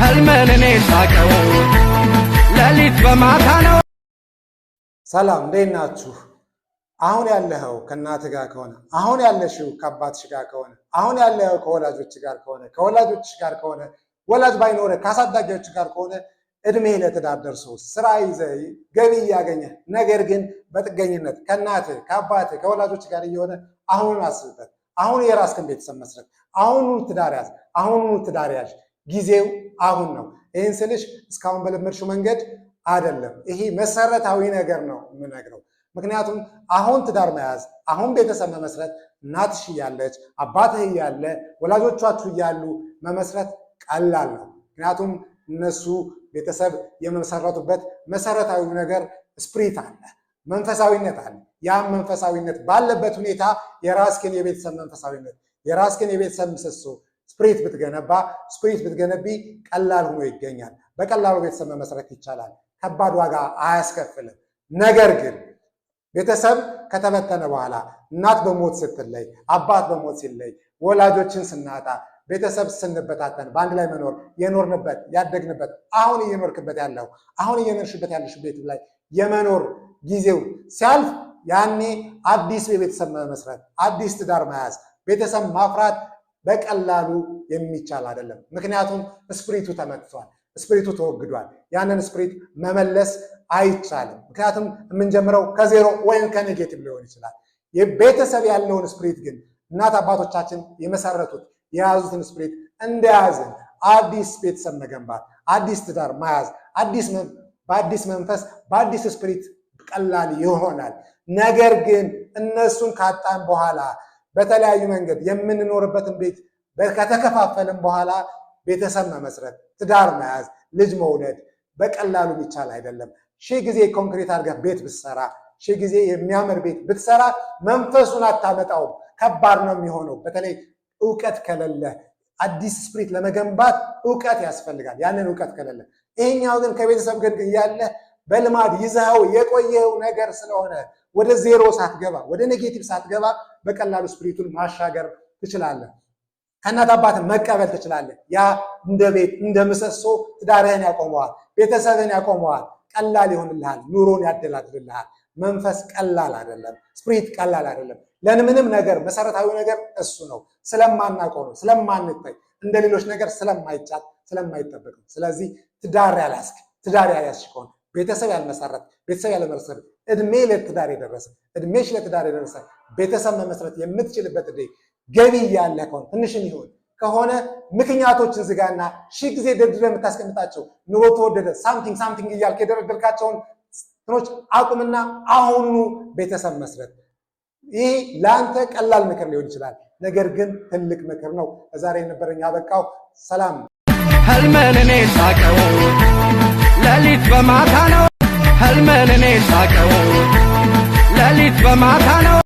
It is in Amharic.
ህልምን እኔ ሳቀው ሌሊት በማታ ነው። ሰላም እንዴት ናችሁ? አሁን ያለኸው ከእናት ጋር ከሆነ አሁን ያለሽው ከአባትሽ ጋር ከሆነ አሁን ያለኸው ከወላጆች ጋር ከሆነ ከወላጆች ጋር ከሆነ ወላጅ ባይኖረ ከአሳዳጊዎች ጋር ከሆነ እድሜ ለትዳር ደርሶ ስራ ይዘ ገቢ እያገኘ ነገር ግን በጥገኝነት ከእናት ከአባት ከወላጆች ጋር እየሆነ አሁኑን አስብበት። አሁን የራስህን ቤተሰብ መስረት። አሁኑን ትዳር ያዝ። አሁኑን ትዳር ያዥ። ጊዜው አሁን ነው። ይህን ስልሽ እስካሁን በለመድሽው መንገድ አይደለም። ይሄ መሰረታዊ ነገር ነው የምነግረው። ምክንያቱም አሁን ትዳር መያዝ፣ አሁን ቤተሰብ መመስረት እናትሽ እያለች አባትህ እያለ ወላጆቻችሁ እያሉ መመስረት ቀላል ነው። ምክንያቱም እነሱ ቤተሰብ የመሰረቱበት መሰረታዊ ነገር ስፕሪት አለ፣ መንፈሳዊነት አለ። ያም መንፈሳዊነት ባለበት ሁኔታ የራስህን የቤተሰብ መንፈሳዊነት የራስህን የቤተሰብ ምሰሶ ስፕሪት ብትገነባ ስፕሪት ብትገነቢ ቀላል ሆኖ ይገኛል። በቀላሉ ቤተሰብ መመስረት ይቻላል። ከባድ ዋጋ አያስከፍልም። ነገር ግን ቤተሰብ ከተበተነ በኋላ እናት በሞት ስትለይ፣ አባት በሞት ሲለይ፣ ወላጆችን ስናጣ፣ ቤተሰብ ስንበታተን በአንድ ላይ መኖር የኖርንበት ያደግንበት አሁን እየኖርክበት ያለው አሁን እየኖርሽበት ያለሽ ቤት ላይ የመኖር ጊዜው ሲያልፍ ያኔ አዲስ የቤተሰብ መመስረት አዲስ ትዳር መያዝ ቤተሰብ ማፍራት በቀላሉ የሚቻል አይደለም። ምክንያቱም ስፕሪቱ ተመትቷል፣ ስፕሪቱ ተወግዷል። ያንን ስፕሪት መመለስ አይቻልም። ምክንያቱም የምንጀምረው ከዜሮ ወይም ከኔጌቲቭ ሊሆን ይችላል። የቤተሰብ ያለውን ስፕሪት ግን እናት አባቶቻችን የመሰረቱት የያዙትን ስፕሪት እንደያዝን አዲስ ቤተሰብ መገንባት፣ አዲስ ትዳር መያዝ፣ በአዲስ መንፈስ በአዲስ ስፕሪት ቀላል ይሆናል። ነገር ግን እነሱን ካጣን በኋላ በተለያዩ መንገድ የምንኖርበትን ቤት ከተከፋፈልን በኋላ ቤተሰብ መመስረት፣ ትዳር መያዝ፣ ልጅ መውለድ በቀላሉ የሚቻል አይደለም። ሺህ ጊዜ ኮንክሪት አድርገህ ቤት ብትሰራ፣ ሺህ ጊዜ የሚያምር ቤት ብትሰራ መንፈሱን አታመጣውም። ከባድ ነው የሚሆነው። በተለይ እውቀት ከሌለ አዲስ ስፕሪት ለመገንባት እውቀት ያስፈልጋል። ያንን እውቀት ከሌለ ይሄኛው ግን ከቤተሰብ ግን እያለ በልማድ ይዘኸው የቆየው ነገር ስለሆነ ወደ ዜሮ ሳትገባ ወደ ኔጌቲቭ ሳትገባ በቀላሉ ስፕሪቱን ማሻገር ትችላለህ። ከእናት አባት መቀበል ትችላለህ። ያ እንደ ቤት እንደ ምሰሶ ትዳርህን ያቆመዋል፣ ቤተሰብህን ያቆመዋል። ቀላል ይሆንልሃል፣ ኑሮን ያደላድልልሃል። መንፈስ ቀላል አይደለም፣ ስፕሪት ቀላል አይደለም። ለምንም ነገር መሰረታዊ ነገር እሱ ነው። ስለማናውቀው ነው፣ ስለማንታይ እንደ ሌሎች ነገር ስለማይጫት ስለማይጠበቅ። ስለዚህ ትዳር ያላስክ ትዳር ያልያዝሽ ከሆነ ቤተሰብ ያልመሰረት ቤተሰብ ያለመሰረት እድሜ ለትዳር የደረሰ እድሜሽ ለትዳር የደረሰ ቤተሰብ መመስረት የምትችልበት ደ ገቢ ያለ ከሆነ ትንሽም ይሆን ከሆነ ምክንያቶችን ዝጋና ሺ ጊዜ ደርድረ የምታስቀምጣቸው ኑሮ ተወደደ ሳምቲንግ ሳምቲንግ እያልክ የደረደርካቸውን ትኖች አቁምና አሁኑ ቤተሰብ መስረት። ይህ ለአንተ ቀላል ምክር ሊሆን ይችላል፣ ነገር ግን ትልቅ ምክር ነው። ለዛሬ የነበረኝ አበቃው። ሰላም ህልምን እኔ ሳቀው በማታ ነው ህልመን እኔ ሳቀው ሌሊት በማታ ነው